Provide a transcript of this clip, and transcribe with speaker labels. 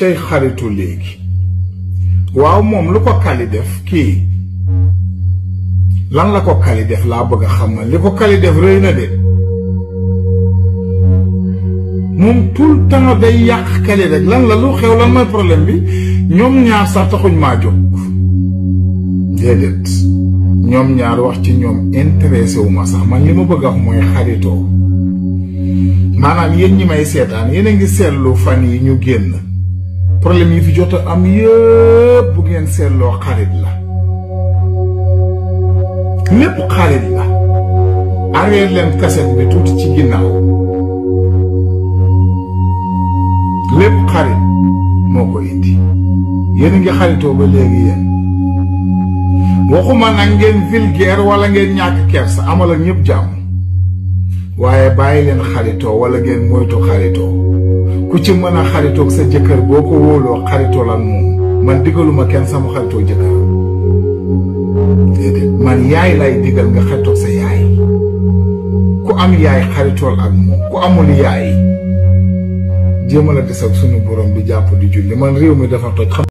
Speaker 1: cay xaritu léegi waaw moom lu ko kali def kii lan la ko kali def laa bëgg xam na li ko kali def rëy na de moom tout le day yàq kali rek lan la lu xew lan mooy problème bi ñoom ñaar sax taxuñ maa jóg déedéet ñoom ñaar wax ci ñoom intéressé wu ma sax man li bëgg a mooy xaritoo maanaam yéen ñi may seetaan yéen a ngi seetlu fan yi ñu génn problème yi fi jot am yëpp bu ngeen seetloo xarit la lépp xaalit la arrière leen kaset bi tuuti ci ginnaaw lépp xaalit moo ko indi yéen a ngi xaritoo ba léegi yéen waxuma nag ngeen vulgaire wala ngeen ñàkk kersa amal ak ñëpp jàmm waaye bàyyi leen xaritoo wala ngeen moytu xaritoo ci mën a xaritoog sa jëkkër boo ko wóoloo xaritool ak moom man digaluma kenn sama xaritoo jëkkër déedéet man yaay lay digal nga xaritoog sa yaay ku am yaay xaritool ak moom ku amul yaay jéemal a des ak sunu borom bi jàpp di julli man réew mi dafa toj xam